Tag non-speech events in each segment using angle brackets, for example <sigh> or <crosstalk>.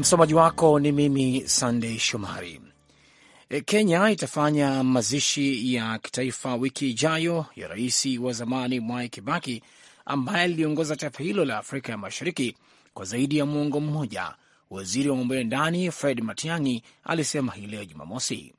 Msomaji wako ni mimi Sandey Shomari. E, Kenya itafanya mazishi ya kitaifa wiki ijayo ya rais wa zamani Mwai Kibaki ambaye aliongoza taifa hilo la Afrika ya Mashariki kwa zaidi ya muongo mmoja. Waziri wa mambo ya ndani Fred Matiang'i alisema hii leo Jumamosi.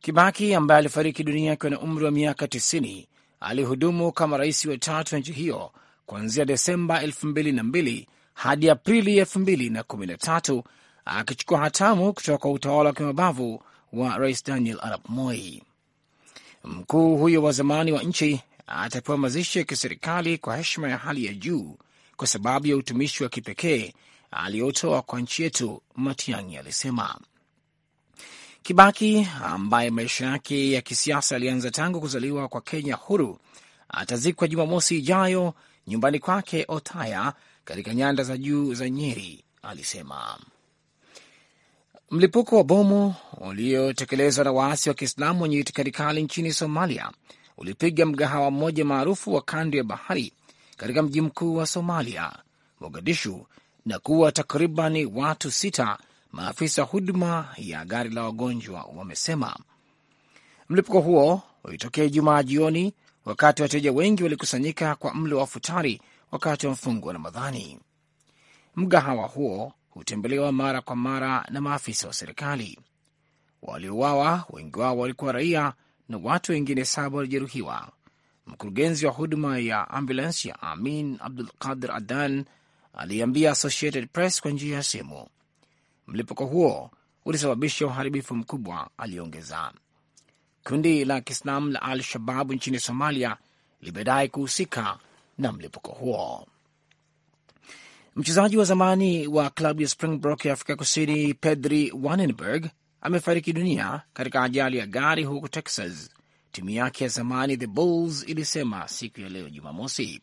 Kibaki ambaye alifariki dunia akiwa na umri wa miaka 90 alihudumu kama rais wa tatu wa nchi hiyo kuanzia Desemba 2002 hadi Aprili 2013 akichukua hatamu kutoka kwa utawala wa kimabavu wa Rais Daniel Arap Moi. Mkuu huyo wa zamani wa nchi atapewa mazishi ya kiserikali kwa heshima ya hali ya juu kwa sababu ya utumishi wa kipekee aliyotoa kwa nchi yetu, Matiang'i alisema. Kibaki ambaye maisha yake ya kisiasa alianza tangu kuzaliwa kwa Kenya huru atazikwa Jumamosi ijayo nyumbani kwake otaya katika nyanda za juu za Nyeri alisema mlipuko wa bomu uliotekelezwa na waasi wa Kiislamu wenye itikadi kali nchini Somalia ulipiga mgahawa mmoja maarufu wa kando ya bahari katika mji mkuu wa Somalia, Mogadishu, na kuwa takriban watu sita, maafisa huduma ya gari la wagonjwa wamesema. Mlipuko huo ulitokea Ijumaa jioni wakati wateja wengi walikusanyika kwa mlo wa futari wakati wa mfungo wa Ramadhani. Mgahawa huo hutembelewa mara kwa mara na maafisa wa serikali. Waliouawa wengi wao walikuwa raia na watu wengine saba walijeruhiwa. Mkurugenzi wa huduma ya ambulance ya Amin Abdul Qadir Adan aliambia Associated Press kwa njia ya simu, mlipuko huo ulisababisha uharibifu mkubwa, aliongeza. Kundi la Kiislamu la Al Shabab nchini Somalia limedai kuhusika na mlipuko huo. Mchezaji wa zamani wa klabu ya Springbok ya Afrika Kusini Pedri Wanenberg amefariki dunia katika ajali ya gari huko Texas, timu yake ya zamani The Bulls ilisema siku ya leo Jumamosi.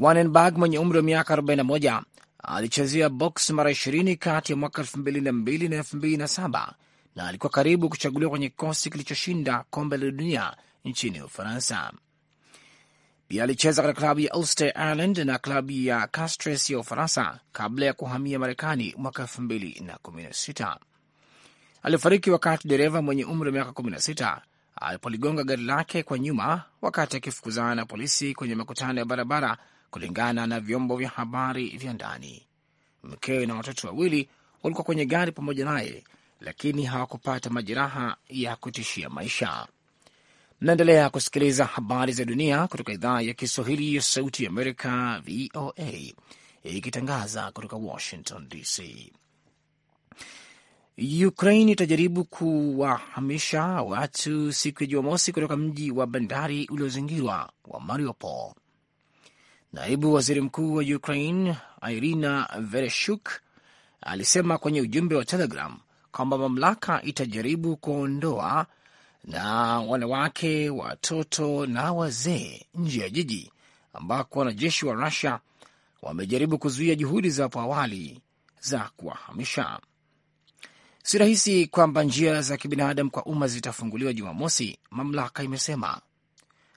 Wanenberg mwenye umri wa miaka 41 alichezea box mara 20 kati ya mwaka 2002 na 2007 na alikuwa karibu kuchaguliwa kwenye kikosi kilichoshinda kombe la dunia nchini Ufaransa. Pia alicheza katika klabu ya Ulster Ireland na klabu ya Castres ya Ufaransa kabla ya kuhamia Marekani mwaka sita. Alifariki wakati dereva mwenye umri wa miaka 16 alipoligonga gari lake kwa nyuma wakati akifukuzana na polisi kwenye makutano ya barabara, kulingana na vyombo vya habari vya ndani. Mkewe na watoto wawili walikuwa kwenye gari pamoja naye, lakini hawakupata majeraha ya kutishia maisha. Mnaendelea kusikiliza habari za dunia kutoka idhaa ya Kiswahili ya Sauti ya Amerika, VOA, ikitangaza kutoka Washington DC. Ukraine itajaribu kuwahamisha watu siku ya Jumamosi kutoka mji wa bandari uliozingirwa wa Mariupol. Naibu waziri mkuu wa Ukraine Irina Vereshuk alisema kwenye ujumbe wa Telegram kwamba mamlaka itajaribu kuondoa na wanawake, watoto na wazee nje ya jiji ambako wanajeshi wa Rusia wamejaribu kuzuia juhudi za hapo awali za kuwahamisha. Si rahisi kwamba njia za kibinadamu kwa umma zitafunguliwa Jumamosi, mamlaka imesema.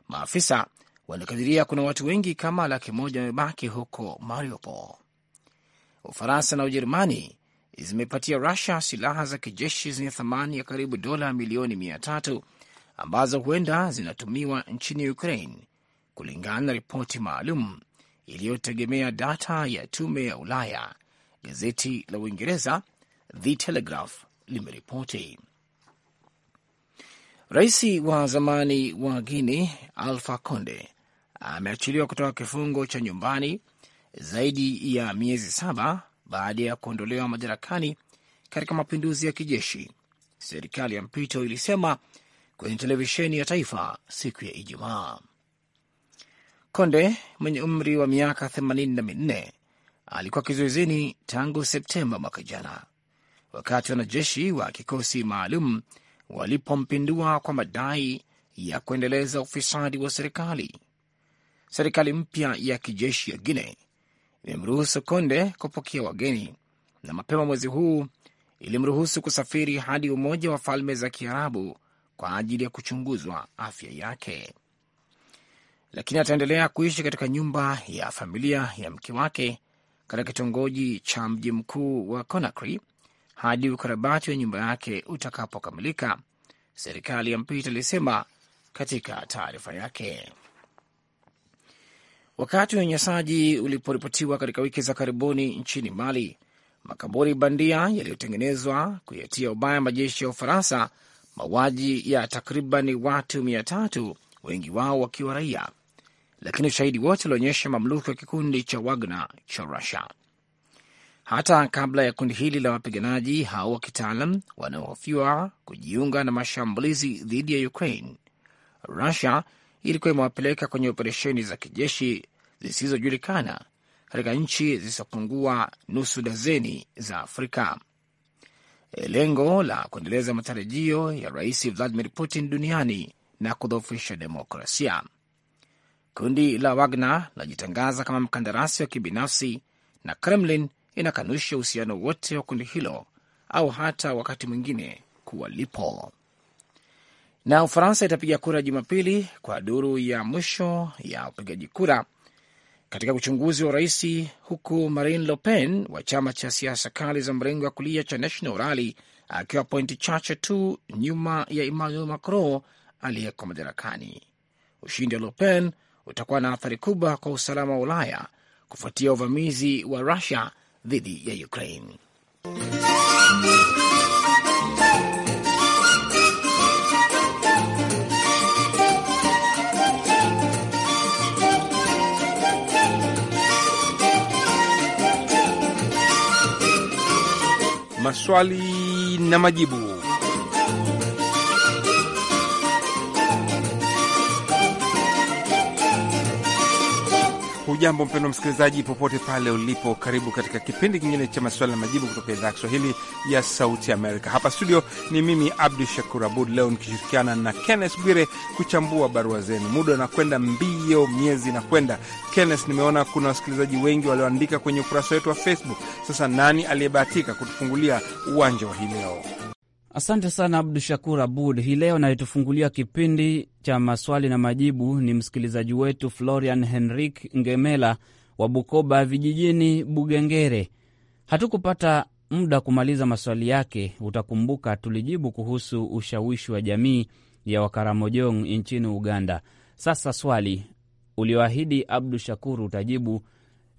Maafisa wanakadiria kuna watu wengi kama laki moja wamebaki huko Mariupol. Ufaransa na Ujerumani zimepatia Rusia silaha za kijeshi zenye thamani ya karibu dola milioni mia tatu ambazo huenda zinatumiwa nchini Ukraine, kulingana na ripoti maalum iliyotegemea data ya tume ya Ulaya. Gazeti la Uingereza The Telegraph limeripoti. Rais wa zamani wa Guini Alfa Conde ameachiliwa kutoka kifungo cha nyumbani zaidi ya miezi saba baada ya kuondolewa madarakani katika mapinduzi ya kijeshi, serikali ya mpito ilisema kwenye televisheni ya taifa siku ya Ijumaa. Konde mwenye umri wa miaka 84 alikuwa kizuizini tangu Septemba mwaka jana, wakati wanajeshi wa kikosi maalum walipompindua kwa madai ya kuendeleza ufisadi wa serikali. Serikali mpya ya kijeshi ya Guinea ilimruhusu Konde kupokea wageni na mapema mwezi huu ilimruhusu kusafiri hadi Umoja wa Falme za Kiarabu kwa ajili ya kuchunguzwa afya yake, lakini ataendelea kuishi katika nyumba ya familia ya mke wake katika kitongoji cha mji mkuu wa Conakry hadi ukarabati wa nyumba yake utakapokamilika, serikali ya mpito ilisema katika taarifa yake. Wakati unyanyasaji uliporipotiwa katika wiki za karibuni nchini Mali, makaburi bandia yaliyotengenezwa kuyatia ubaya majeshi ya Ufaransa, mauaji ya takriban watu mia tatu, wengi wao wakiwa raia, lakini ushahidi wote ulionyesha mamluki wa kikundi cha Wagner cha Rusia. Hata kabla ya kundi hili la wapiganaji hao wa kitaalam wanaohofiwa kujiunga na mashambulizi dhidi ya Ukraine, Rusia ilikuwa imewapeleka kwenye operesheni za kijeshi zisizojulikana katika nchi zisizopungua nusu dazeni za Afrika. Eh, lengo la kuendeleza matarajio ya Rais Vladimir Putin duniani na kudhoofisha demokrasia. Kundi la Wagner linajitangaza kama mkandarasi wa kibinafsi na Kremlin inakanusha uhusiano wote wa kundi hilo au hata wakati mwingine kuwalipo. Na Ufaransa itapiga kura Jumapili kwa duru ya mwisho ya upigaji kura katika uchunguzi wa urais, huku Marine Le Pen wa chama cha siasa kali za mrengo wa kulia cha National Rally akiwa pointi chache tu nyuma ya Emmanuel Macron aliyeko madarakani. Ushindi wa Le Pen utakuwa na athari kubwa kwa usalama wa Ulaya kufuatia uvamizi wa Rusia dhidi ya Ukraine. maswali na majibu. Hujambo mpendo msikilizaji, popote pale ulipo, karibu katika kipindi kingine cha maswali na majibu kutoka idhaa ya Kiswahili ya Sauti Amerika. Hapa studio ni mimi Abdu Shakur Abud, leo nikishirikiana na Kennes Bwire kuchambua barua zenu. Muda unakwenda mbio, miezi inakwenda. Kennes, nimeona kuna wasikilizaji wengi walioandika kwenye ukurasa wetu wa Facebook. Sasa nani aliyebahatika kutufungulia uwanja wa hii leo? Asante sana Abdu Shakur Abud. Hii leo anayetufungulia kipindi cha maswali na majibu ni msikilizaji wetu Florian Henrik Ngemela wa Bukoba Vijijini, Bugengere. Hatukupata muda kumaliza maswali yake. Utakumbuka tulijibu kuhusu ushawishi wa jamii ya Wakaramojong nchini Uganda. Sasa swali ulioahidi Abdu Shakur utajibu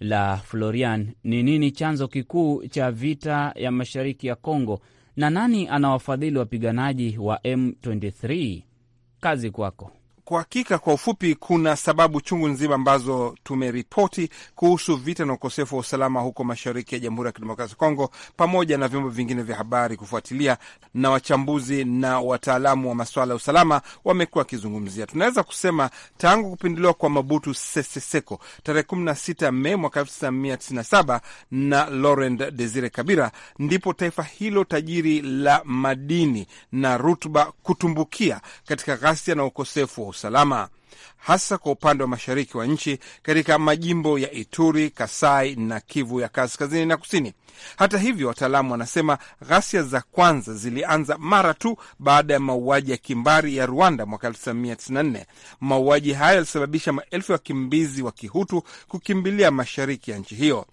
la Florian ni nini chanzo kikuu cha vita ya mashariki ya Kongo? na nani anawafadhili wapiganaji wa M23? Kazi kwako. Kwa hakika, kwa ufupi, kuna sababu chungu nzima ambazo tumeripoti kuhusu vita na ukosefu wa usalama huko mashariki ya Jamhuri ya Kidemokrasia Kongo, pamoja na vyombo vingine vya habari kufuatilia, na wachambuzi na wataalamu wa masuala ya usalama wamekuwa wakizungumzia. Tunaweza kusema tangu kupinduliwa kwa Mabutu Sese Seko tarehe 16 Mei mwaka 1997 na Laurent Desire Kabila, ndipo taifa hilo tajiri la madini na rutuba kutumbukia katika ghasia na ukosefu salama. hasa kwa upande wa mashariki wa nchi katika majimbo ya Ituri, Kasai na Kivu ya kaskazini na kusini. Hata hivyo, wataalamu wanasema ghasia za kwanza zilianza mara tu baada ya mauaji ya kimbari ya Rwanda mwaka 1994. Mauaji hayo yalisababisha maelfu ya wakimbizi wa Kihutu kukimbilia mashariki ya nchi hiyo,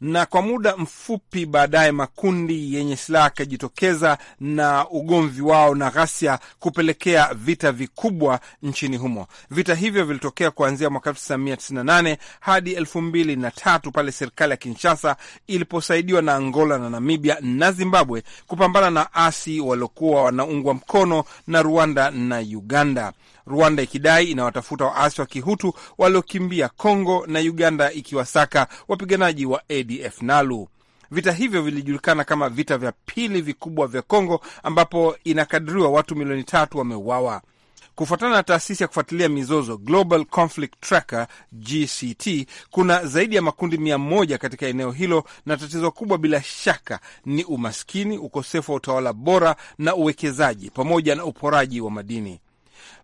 na kwa muda mfupi baadaye makundi yenye silaha yakajitokeza na ugomvi wao na ghasia kupelekea vita vikubwa nchini humo. Vita hivyo vilitokea kuanzia mwaka 1998 hadi 2003 pale serikali ya Kinshasa iliposaidiwa na Angola na Namibia na Zimbabwe kupambana na asi waliokuwa wanaungwa mkono na Rwanda na Uganda, Rwanda ikidai inawatafuta waasi wa Kihutu waliokimbia Kongo na Uganda ikiwasaka wapiganaji wa ADF NALU. Vita hivyo vilijulikana kama vita vya pili vikubwa vya Kongo, ambapo inakadiriwa watu milioni tatu wameuawa. Kufuatana na taasisi ya kufuatilia mizozo Global Conflict Tracker GCT, kuna zaidi ya makundi mia moja katika eneo hilo, na tatizo kubwa bila shaka ni umaskini, ukosefu wa utawala bora na uwekezaji, pamoja na uporaji wa madini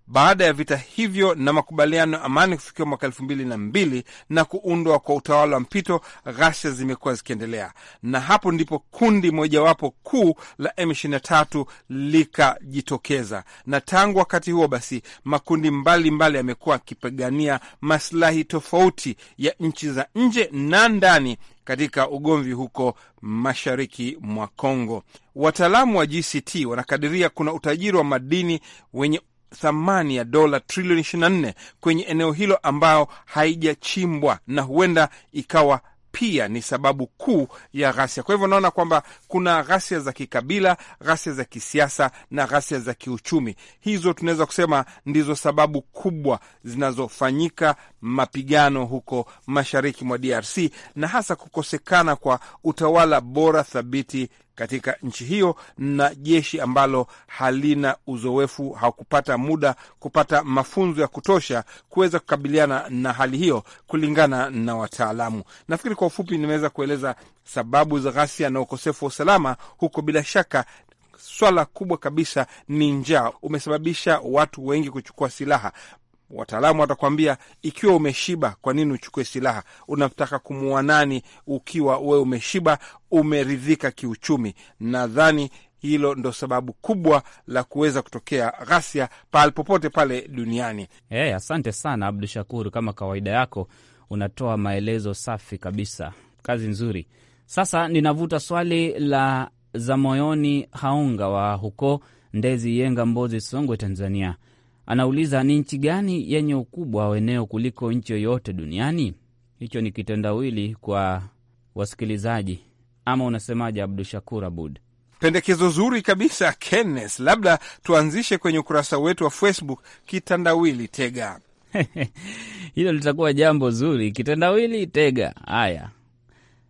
baada ya vita hivyo na makubaliano ya amani kufikiwa mwaka elfu mbili na mbili na kuundwa kwa utawala wa mpito, ghasia zimekuwa zikiendelea, na hapo ndipo kundi mojawapo kuu la M23 likajitokeza, na tangu wakati huo basi makundi mbalimbali yamekuwa akipigania masilahi tofauti ya nchi za nje na ndani katika ugomvi huko mashariki mwa Kongo. Wataalamu wa GCT wanakadiria kuna utajiri wa madini wenye thamani ya dola trilioni 24 kwenye eneo hilo ambayo haijachimbwa na huenda ikawa pia ni sababu kuu ya ghasia. Kwa hivyo unaona kwamba kuna ghasia za kikabila, ghasia za kisiasa na ghasia za kiuchumi. Hizo tunaweza kusema ndizo sababu kubwa zinazofanyika mapigano huko mashariki mwa DRC na hasa kukosekana kwa utawala bora thabiti katika nchi hiyo na jeshi ambalo halina uzoefu, hakupata muda kupata mafunzo ya kutosha kuweza kukabiliana na hali hiyo, kulingana na wataalamu. Nafikiri kwa ufupi nimeweza kueleza sababu za ghasia na ukosefu wa usalama huko. Bila shaka swala kubwa kabisa ni njaa, umesababisha watu wengi kuchukua silaha. Wataalamu watakwambia ikiwa umeshiba, kwa nini uchukue silaha? Unataka kumuua nani ukiwa wewe umeshiba, umeridhika kiuchumi? Nadhani hilo ndo sababu kubwa la kuweza kutokea ghasia pahali popote pale duniani. Hey, eh, asante sana Abdu Shakur, kama kawaida yako unatoa maelezo safi kabisa, kazi nzuri. Sasa ninavuta swali la za moyoni haunga wa huko Ndezi Yenga, Mbozi, Songwe, Tanzania. Anauliza, ni nchi gani yenye ukubwa wa eneo kuliko nchi yoyote duniani? Hicho ni kitendawili kwa wasikilizaji, ama unasemaje, Abdu Shakur Abud? Pendekezo zuri kabisa Kenneth, labda tuanzishe kwenye ukurasa wetu wa Facebook kitandawili tega. <laughs> Hilo litakuwa jambo zuri, kitandawili tega. Haya,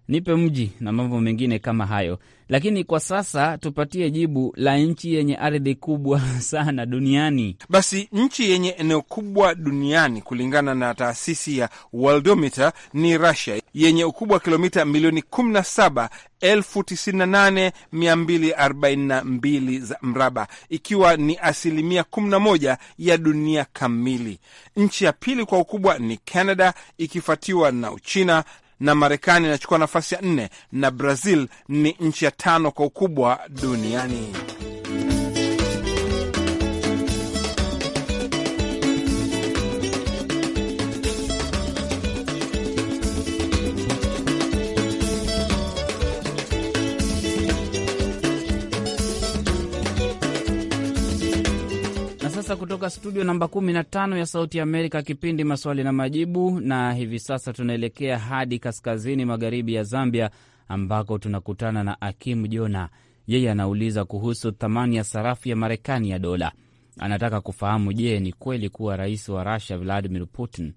nipe mji na mambo mengine kama hayo lakini kwa sasa tupatie jibu la nchi yenye ardhi kubwa <laughs> sana duniani. Basi nchi yenye eneo kubwa duniani kulingana na taasisi ya Worldometer ni Russia yenye ukubwa wa kilomita milioni 17 za mraba ikiwa ni asilimia 11 ya dunia kamili. Nchi ya pili kwa ukubwa ni Canada ikifuatiwa na Uchina na Marekani inachukua nafasi ya nne na Brazil ni nchi ya tano kwa ukubwa duniani. sasa kutoka studio namba 15 ya Sauti Amerika, kipindi Maswali na Majibu, na hivi sasa tunaelekea hadi kaskazini magharibi ya Zambia ambako tunakutana na Akim Jona. Yeye anauliza kuhusu thamani ya sarafu ya Marekani ya dola. Anataka kufahamu, je, ni kweli kuwa rais wa Rusia Vladimir Putin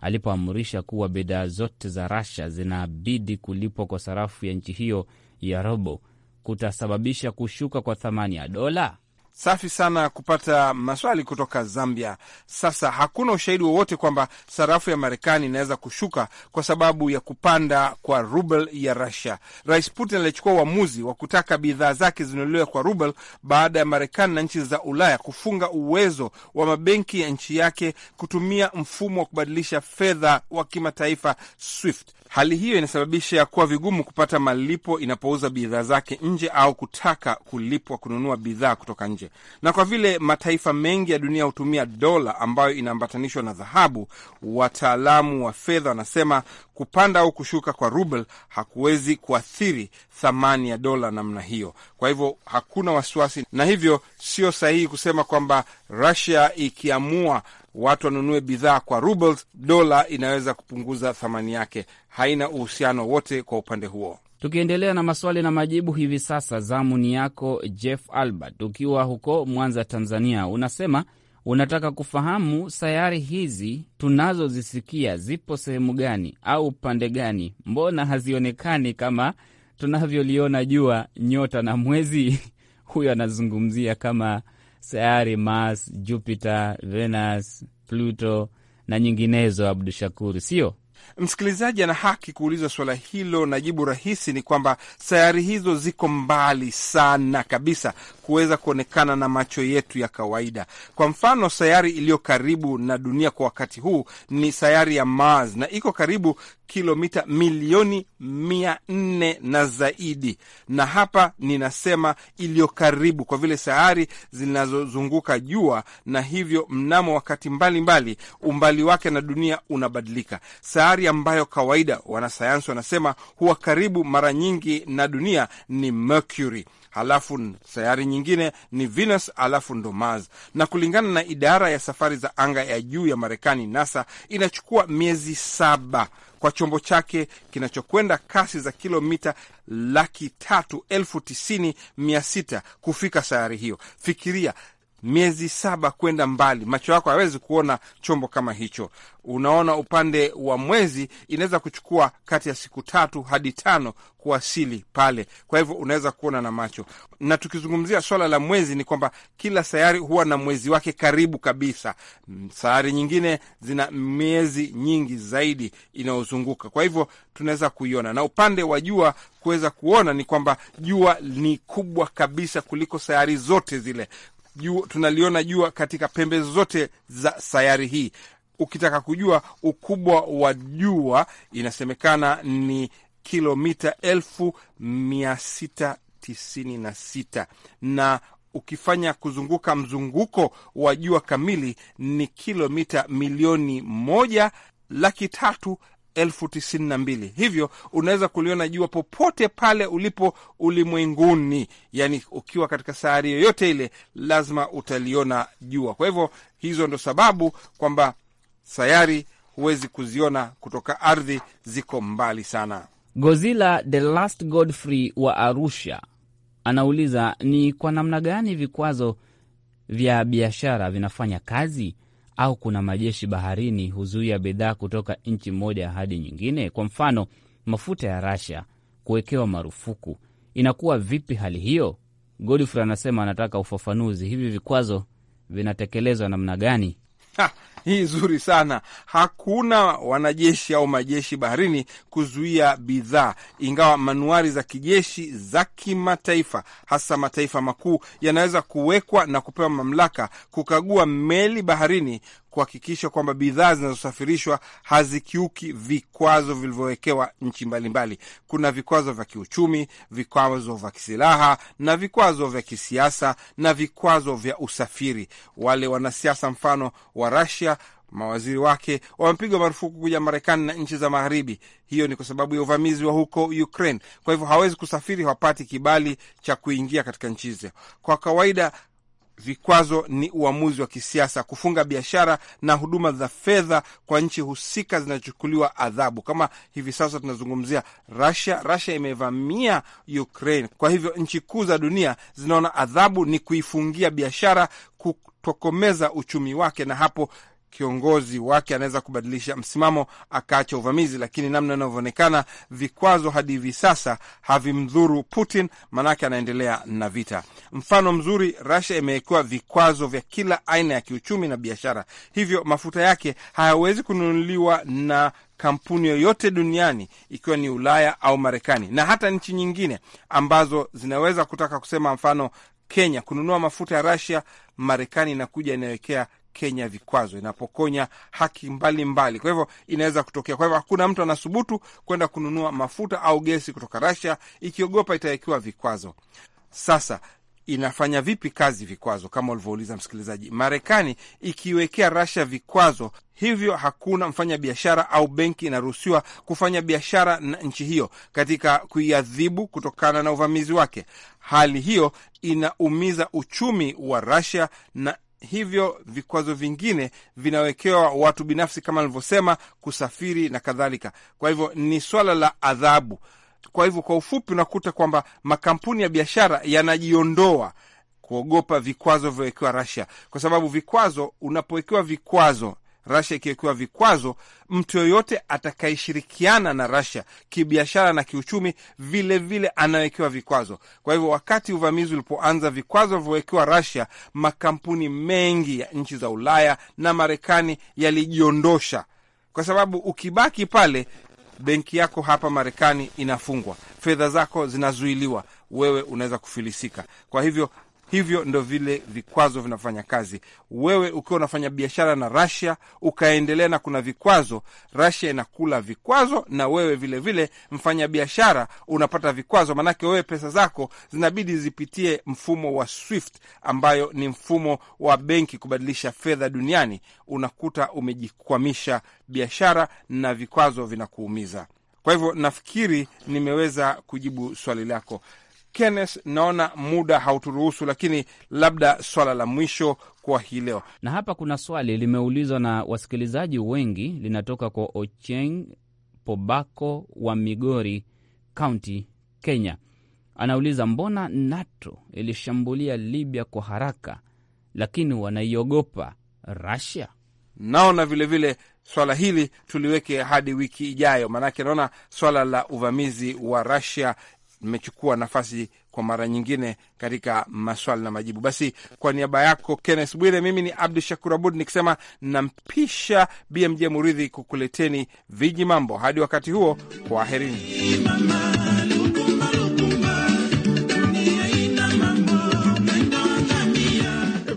alipoamrisha kuwa bidhaa zote za Rusia zinabidi kulipwa kwa sarafu ya nchi hiyo ya robo kutasababisha kushuka kwa thamani ya dola? Safi sana kupata maswali kutoka Zambia. Sasa hakuna ushahidi wowote kwamba sarafu ya Marekani inaweza kushuka kwa sababu ya kupanda kwa rubel ya rusia Rais Putin alichukua uamuzi wa kutaka bidhaa zake zinunuliwe kwa rubel baada ya Marekani na nchi za Ulaya kufunga uwezo wa mabenki ya nchi yake kutumia mfumo wa kubadilisha fedha wa kimataifa SWIFT. Hali hiyo inasababisha kuwa vigumu kupata malipo inapouza bidhaa zake nje au kutaka kulipwa kununua bidhaa kutoka nje. Na kwa vile mataifa mengi ya dunia hutumia dola ambayo inaambatanishwa na dhahabu, wataalamu wa fedha wanasema kupanda au kushuka kwa ruble hakuwezi kuathiri thamani ya dola namna hiyo. Kwa hivyo hakuna wasiwasi, na hivyo sio sahihi kusema kwamba Russia ikiamua watu wanunue bidhaa kwa rubles, dola inaweza kupunguza thamani yake. Haina uhusiano wote kwa upande huo. Tukiendelea na maswali na majibu hivi sasa, zamu ni yako Jeff Albert, ukiwa huko Mwanza, Tanzania. Unasema unataka kufahamu sayari hizi tunazozisikia zipo sehemu gani au upande gani? Mbona hazionekani kama tunavyoliona jua, nyota na mwezi? <laughs> Huyo anazungumzia kama sayari Mars, Jupiter, Venus, Pluto na nyinginezo. Abdu Shakur, sio Msikilizaji ana haki kuuliza suala hilo, na jibu rahisi ni kwamba sayari hizo ziko mbali sana kabisa kuweza kuonekana na macho yetu ya kawaida. Kwa mfano, sayari iliyo karibu na dunia kwa wakati huu ni sayari ya Mars na iko karibu kilomita milioni mia nne na zaidi, na hapa ninasema iliyo karibu kwa vile sayari zinazozunguka jua, na hivyo mnamo wakati mbalimbali mbali, umbali wake na dunia unabadilika sayari bahari ambayo kawaida wanasayansi wanasema huwa karibu mara nyingi na dunia ni Mercury, halafu sayari nyingine ni Venus, halafu ndo Mars. Na kulingana na idara ya safari za anga ya juu ya Marekani, NASA, inachukua miezi saba kwa chombo chake kinachokwenda kasi za kilomita laki tatu elfu tisini mia sita kufika sayari hiyo. Fikiria miezi saba kwenda mbali, macho yako hayawezi kuona chombo kama hicho. Unaona upande wa mwezi inaweza kuchukua kati ya siku tatu hadi tano kuwasili pale, kwa hivyo unaweza kuona na macho. Na tukizungumzia swala la mwezi, ni kwamba kila sayari huwa na mwezi wake karibu kabisa. Mm, sayari nyingine zina miezi nyingi zaidi inayozunguka, kwa hivyo tunaweza kuiona. Na upande wa jua kuweza kuona ni kwamba jua ni kubwa kabisa kuliko sayari zote zile tunaliona jua katika pembe zote za sayari hii. Ukitaka kujua ukubwa wa jua, inasemekana ni kilomita elfu mia sita tisini na sita na ukifanya kuzunguka mzunguko wa jua kamili ni kilomita milioni moja laki tatu elfu tisini na mbili. Hivyo unaweza kuliona jua popote pale ulipo ulimwenguni, yani ukiwa katika sayari yoyote ile lazima utaliona jua. Kwa hivyo hizo ndo sababu kwamba sayari huwezi kuziona kutoka ardhi, ziko mbali sana. Gozila the Last Godfrey wa Arusha anauliza ni kwa namna gani vikwazo vya biashara vinafanya kazi au kuna majeshi baharini huzuia bidhaa kutoka nchi moja hadi nyingine? Kwa mfano, mafuta ya Rasia kuwekewa marufuku, inakuwa vipi hali hiyo? Godfrey anasema anataka ufafanuzi, hivi vikwazo vinatekelezwa namna gani? hii nzuri sana. Hakuna wanajeshi au majeshi baharini kuzuia bidhaa, ingawa manuari za kijeshi za kimataifa, hasa mataifa makuu, yanaweza kuwekwa na kupewa mamlaka kukagua meli baharini kuhakikisha kwamba bidhaa zinazosafirishwa hazikiuki vikwazo vilivyowekewa nchi mbalimbali. Kuna vikwazo vya kiuchumi, vikwazo vya kisilaha na vikwazo vya kisiasa na vikwazo vya usafiri. Wale wanasiasa mfano wa Rasia mawaziri wake wamepigwa marufuku kuja Marekani na nchi za Magharibi. Hiyo ni kwa sababu ya uvamizi wa huko Ukraine. Kwa hivyo hawezi kusafiri, hawapati kibali cha kuingia katika nchi hizo. Kwa kawaida, vikwazo ni uamuzi wa kisiasa kufunga biashara na huduma za fedha kwa nchi husika zinachukuliwa adhabu. Kama hivi sasa tunazungumzia Russia, Russia imevamia Ukraine. Kwa hivyo nchi kuu za dunia zinaona adhabu ni kuifungia biashara, kutokomeza uchumi wake, na hapo kiongozi wake anaweza kubadilisha msimamo akaacha uvamizi, lakini namna inavyoonekana vikwazo hadi hivi sasa havimdhuru Putin, maanake anaendelea na vita. Mfano mzuri, Russia imewekewa vikwazo vya kila aina ya kiuchumi na biashara, hivyo mafuta yake hayawezi kununuliwa na kampuni yoyote duniani ikiwa ni Ulaya au Marekani, na hata nchi nyingine ambazo zinaweza kutaka kusema, mfano Kenya kununua mafuta ya Russia, Marekani inakuja inawekea Kenya vikwazo, inapokonya haki mbalimbali mbali. Kwa hivyo inaweza kutokea. Kwa hivyo hakuna mtu anasubutu kwenda kununua mafuta au gesi kutoka Russia ikiogopa itawekiwa vikwazo. Sasa inafanya vipi kazi vikwazo? Kama ulivyouliza msikilizaji, Marekani ikiwekea Russia vikwazo hivyo, hakuna mfanya biashara au benki inaruhusiwa kufanya biashara na nchi hiyo katika kuiadhibu kutokana na uvamizi wake. Hali hiyo inaumiza uchumi wa Russia na hivyo vikwazo vingine vinawekewa watu binafsi kama alivyosema kusafiri na kadhalika. Kwa hivyo ni swala la adhabu. Kwa hivyo kwa ufupi, unakuta kwamba makampuni ya biashara yanajiondoa kuogopa vikwazo vyowekewa Russia, kwa sababu vikwazo, unapowekewa vikwazo Rasia ikiwekewa vikwazo, mtu yoyote atakayeshirikiana na Rasia kibiashara na kiuchumi vilevile anawekewa vikwazo. Kwa hivyo, wakati uvamizi ulipoanza, vikwazo vilivyowekewa Rasia, makampuni mengi ya nchi za Ulaya na Marekani yalijiondosha, kwa sababu ukibaki pale benki yako hapa Marekani inafungwa, fedha zako zinazuiliwa, wewe unaweza kufilisika. Kwa hivyo Hivyo ndo vile vikwazo vinafanya kazi. Wewe ukiwa unafanya biashara na Rasia ukaendelea na kuna vikwazo, Rasia inakula vikwazo, na wewe vilevile mfanya biashara unapata vikwazo, maanake wewe pesa zako zinabidi zipitie mfumo wa SWIFT ambayo ni mfumo wa benki kubadilisha fedha duniani. Unakuta umejikwamisha biashara na vikwazo vinakuumiza. Kwa hivyo nafikiri nimeweza kujibu swali lako. Kenneth, naona muda hauturuhusu, lakini labda swala la mwisho kwa hii leo, na hapa kuna swali limeulizwa na wasikilizaji wengi, linatoka kwa Ocheng Pobako wa Migori kaunti Kenya. Anauliza, mbona NATO ilishambulia Libya kwa haraka lakini wanaiogopa rasia Naona vilevile swala hili tuliweke hadi wiki ijayo, maanake naona swala la uvamizi wa rasia mmechukua nafasi kwa mara nyingine katika maswali na majibu. Basi kwa niaba yako Kenneth Bwire, mimi ni Abdu Shakur Abud nikisema nampisha BMJ Muridhi kukuleteni viji mambo. Hadi wakati huo, kwaherini.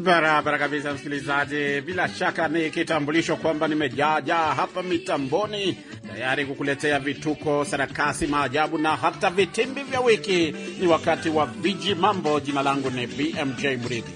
Barabara kabisa, msikilizaji. Bila shaka ni kitambulisho kwamba nimejaajaa hapa mitamboni tayari kukuletea vituko, sarakasi, maajabu na hata vitimbi vya wiki. Ni wakati wa viji mambo. Jina langu ni BMJ Mridhi.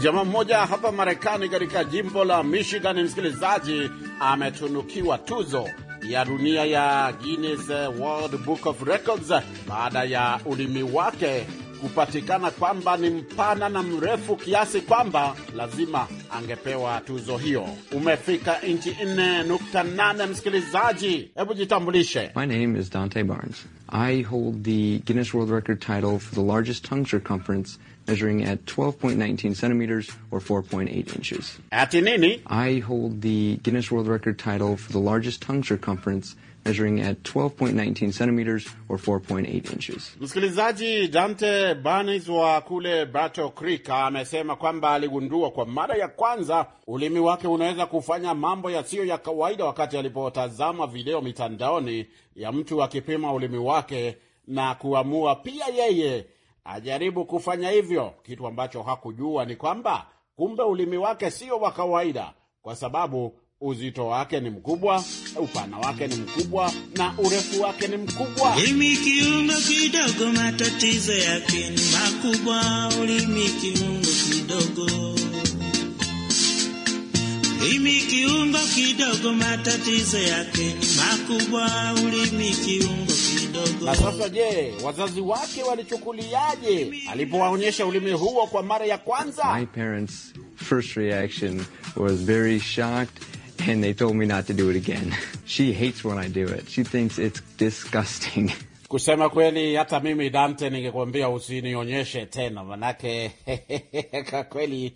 Jamaa mmoja hapa Marekani, katika jimbo la Michigan, msikilizaji, ametunukiwa tuzo ya dunia ya Guinness World Book of Records baada ya ulimi wake kupatikana kwamba ni mpana na mrefu kiasi kwamba lazima angepewa tuzo hiyo. Umefika inchi 4.8. Msikilizaji, hebu jitambulishe. My name is Dante Barnes. I hold the Guinness World Record title for the largest tongue circumference measuring at 12.19 centimeters or 4.8 inches. Atinini. I hold the Guinness World Record title for the largest tongue circumference measuring at 12.19 centimeters or 4.8 inches. Msikilizaji, Dante Barnes wa kule Battle Creek amesema kwamba aligundua kwa mara ya kwanza ulimi wake unaweza kufanya mambo yasiyo ya kawaida wakati alipotazama video mitandaoni ya mtu akipima ulimi wake na kuamua pia yeye ajaribu kufanya hivyo. Kitu ambacho hakujua ni kwamba kumbe ulimi wake sio wa kawaida, kwa sababu uzito wake ni mkubwa, upana wake ni mkubwa, na urefu wake ni mkubwa. Ulimi kiungo kidogo, matatizo yake ni makubwa. Ulimi kiungo kidogo kiungo kidogo, matatizo yake makubwa. Ulimi kiungo kidogo. Na sasa, je, wazazi wake walichukuliaje alipowaonyesha ulimi huo kwa mara ya kwanza? My parents first reaction was very shocked and they told me not to do it again. <laughs> She hates when I do it. She thinks it's disgusting. <laughs> Kusema kweli hata mimi Dante, ningekwambia usinionyeshe tena, manake <laughs> kwa kweli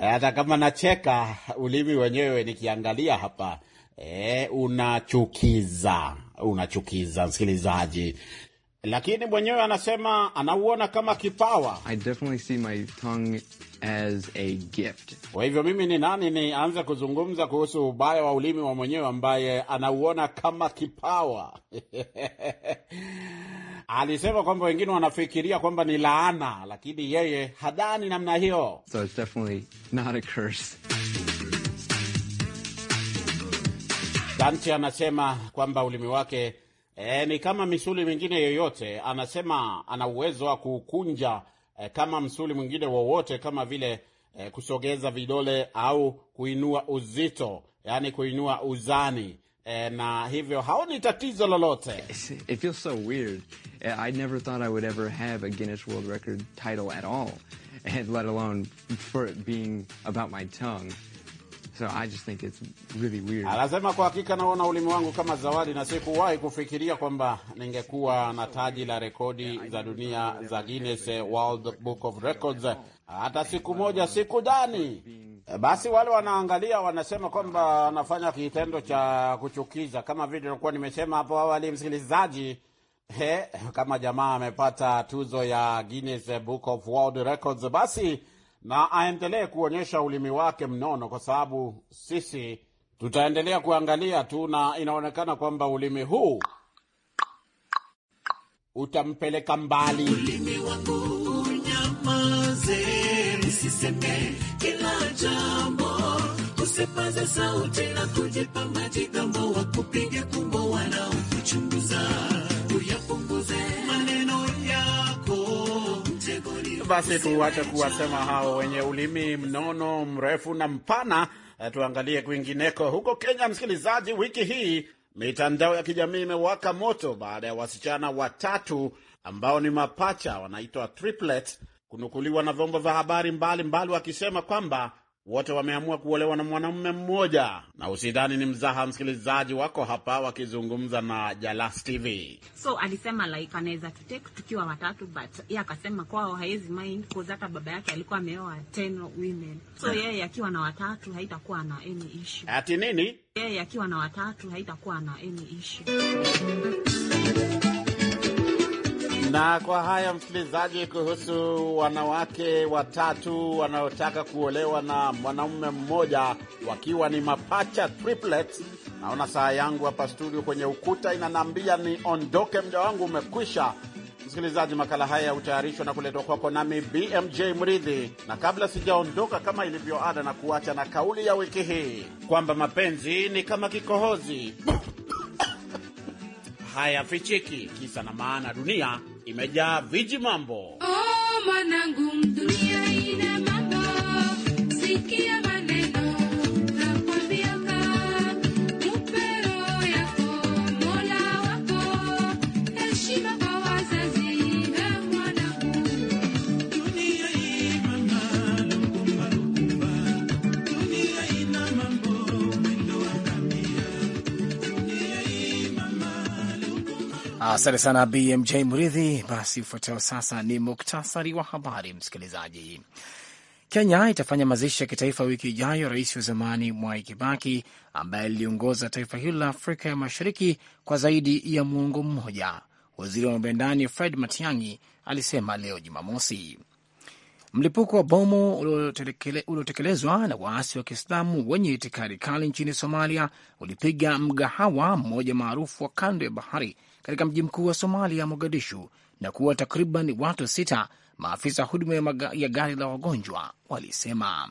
hata kama nacheka, ulimi wenyewe nikiangalia hapa e, unachukiza, unachukiza msikilizaji lakini mwenyewe anasema anauona kama kipawa. I definitely see my tongue as a gift. Kwa hivyo mimi ni nani nianze kuzungumza kuhusu ubaya wa ulimi wa mwenyewe ambaye anauona kama kipawa? <laughs> Alisema kwamba wengine wanafikiria kwamba ni laana, lakini yeye hadhani namna hiyo. So it's definitely not a curse. Dante anasema kwamba ulimi wake E, ni kama misuli mingine yoyote, anasema ana uwezo wa kukunja e, kama msuli mwingine wowote, kama vile e, kusogeza vidole au kuinua uzito, yaani kuinua uzani e, na hivyo haoni tatizo lolote. It feels so weird. E, I never thought I would ever have a Guinness World Record title at all, and <laughs> let alone for it being about my tongue. So I just think it's really weird. Anasema kwa hakika naona ulimi wangu kama zawadi na sikuwahi kufikiria kwamba ningekuwa na taji la rekodi za dunia za Guinness World Book of Records hata siku moja, sikudhani. Basi wale wanaangalia wanasema kwamba anafanya kitendo cha kuchukiza, kama vile nilikuwa nimesema hapo awali, msikilizaji. He, eh, kama jamaa amepata tuzo ya Guinness Book of World Records basi na aendelee kuonyesha ulimi wake mnono, kwa sababu sisi tutaendelea kuangalia tu, na inaonekana kwamba ulimi huu utampeleka mbali. Ulimi wangu unyamaze, usiseme kila jambo, usepaze sauti na kujipa majigambo, wakupige kumbo wanaokuchunguza Basi tuache kuwasema hao wenye ulimi mnono mrefu na mpana. Eh, tuangalie kwingineko huko Kenya, msikilizaji. Wiki hii mitandao ya kijamii imewaka moto baada ya wasichana watatu ambao ni mapacha wanaitwa triplet kunukuliwa na vyombo vya habari mbalimbali wakisema kwamba wote wameamua kuolewa na mwanamume mmoja. Na usidhani ni mzaha, msikilizaji wako hapa wakizungumza na Jalas TV. So alisema like anaweza tutake tukiwa watatu, but yeye akasema kwao haezi mind cause hata baba yake alikuwa ameoa ten women, so yeye akiwa na watatu haitakuwa na any issue. Ati nini? Yeye akiwa na watatu haitakuwa na any issue na kwa haya msikilizaji, kuhusu wanawake watatu wanaotaka kuolewa na mwanaume mmoja wakiwa ni mapacha triplet, Naona saa yangu hapa studio kwenye ukuta inaniambia niondoke, mda wangu umekwisha. Msikilizaji, makala haya hutayarishwa na kuletwa kwako nami BMJ Mridhi, na kabla sijaondoka, kama ilivyo ada, na kuacha na kauli ya wiki hii kwamba mapenzi ni kama kikohozi, <coughs> hayafichiki. Kisa na maana, dunia imejaa viji mambo. Oh, Asante sana BMJ Mridhi. Basi ufuatao sasa ni muktasari wa habari, msikilizaji. Kenya itafanya mazishi ya kitaifa wiki ijayo rais wa zamani Mwai Kibaki ambaye aliongoza taifa hilo la Afrika ya Mashariki kwa zaidi ya muongo mmoja. Waziri wa mambo ya ndani Fred Matiang'i alisema leo Jumamosi mlipuko wa bomu uliotekelezwa na waasi wa Kiislamu wenye itikadi kali nchini Somalia ulipiga mgahawa mmoja maarufu wa kando ya bahari katika mji mkuu wa Somalia, Mogadishu, na kuwa takriban watu sita, maafisa huduma ya, ya gari la wagonjwa walisema.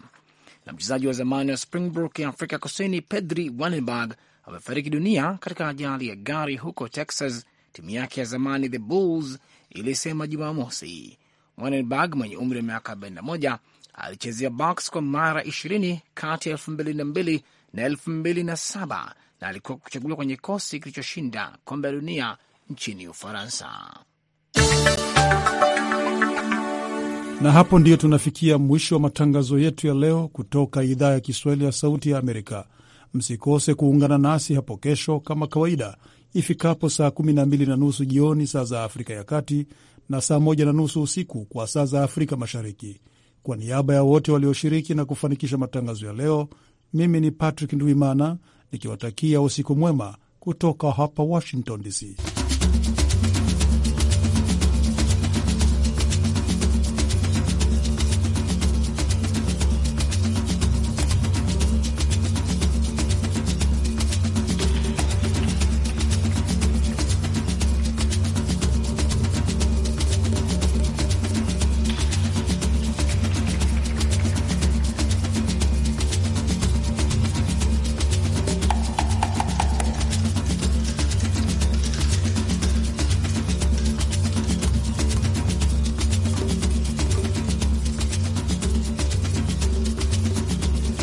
Na mchezaji wa zamani wa Springbok ya Afrika Kusini Pedri Wanenberg amefariki dunia katika ajali ya gari huko Texas, timu yake ya zamani the Bulls ilisema Jumamosi. Wanenberg mwenye umri wa miaka 41 alichezea box kwa mara 20 kati ya 2002 na 2007 na alikuwa kuchaguliwa kwenye kikosi kilichoshinda kombe la dunia nchini Ufaransa. Na hapo ndiyo tunafikia mwisho wa matangazo yetu ya leo kutoka idhaa ya Kiswahili ya Sauti ya Amerika. Msikose kuungana nasi hapo kesho kama kawaida ifikapo saa 12 na nusu jioni saa za Afrika ya Kati na saa 1 na nusu usiku kwa saa za Afrika Mashariki. Kwa niaba ya wote walioshiriki na kufanikisha matangazo ya leo, mimi ni Patrick Ndwimana ikiwatakia usiku mwema kutoka hapa Washington DC.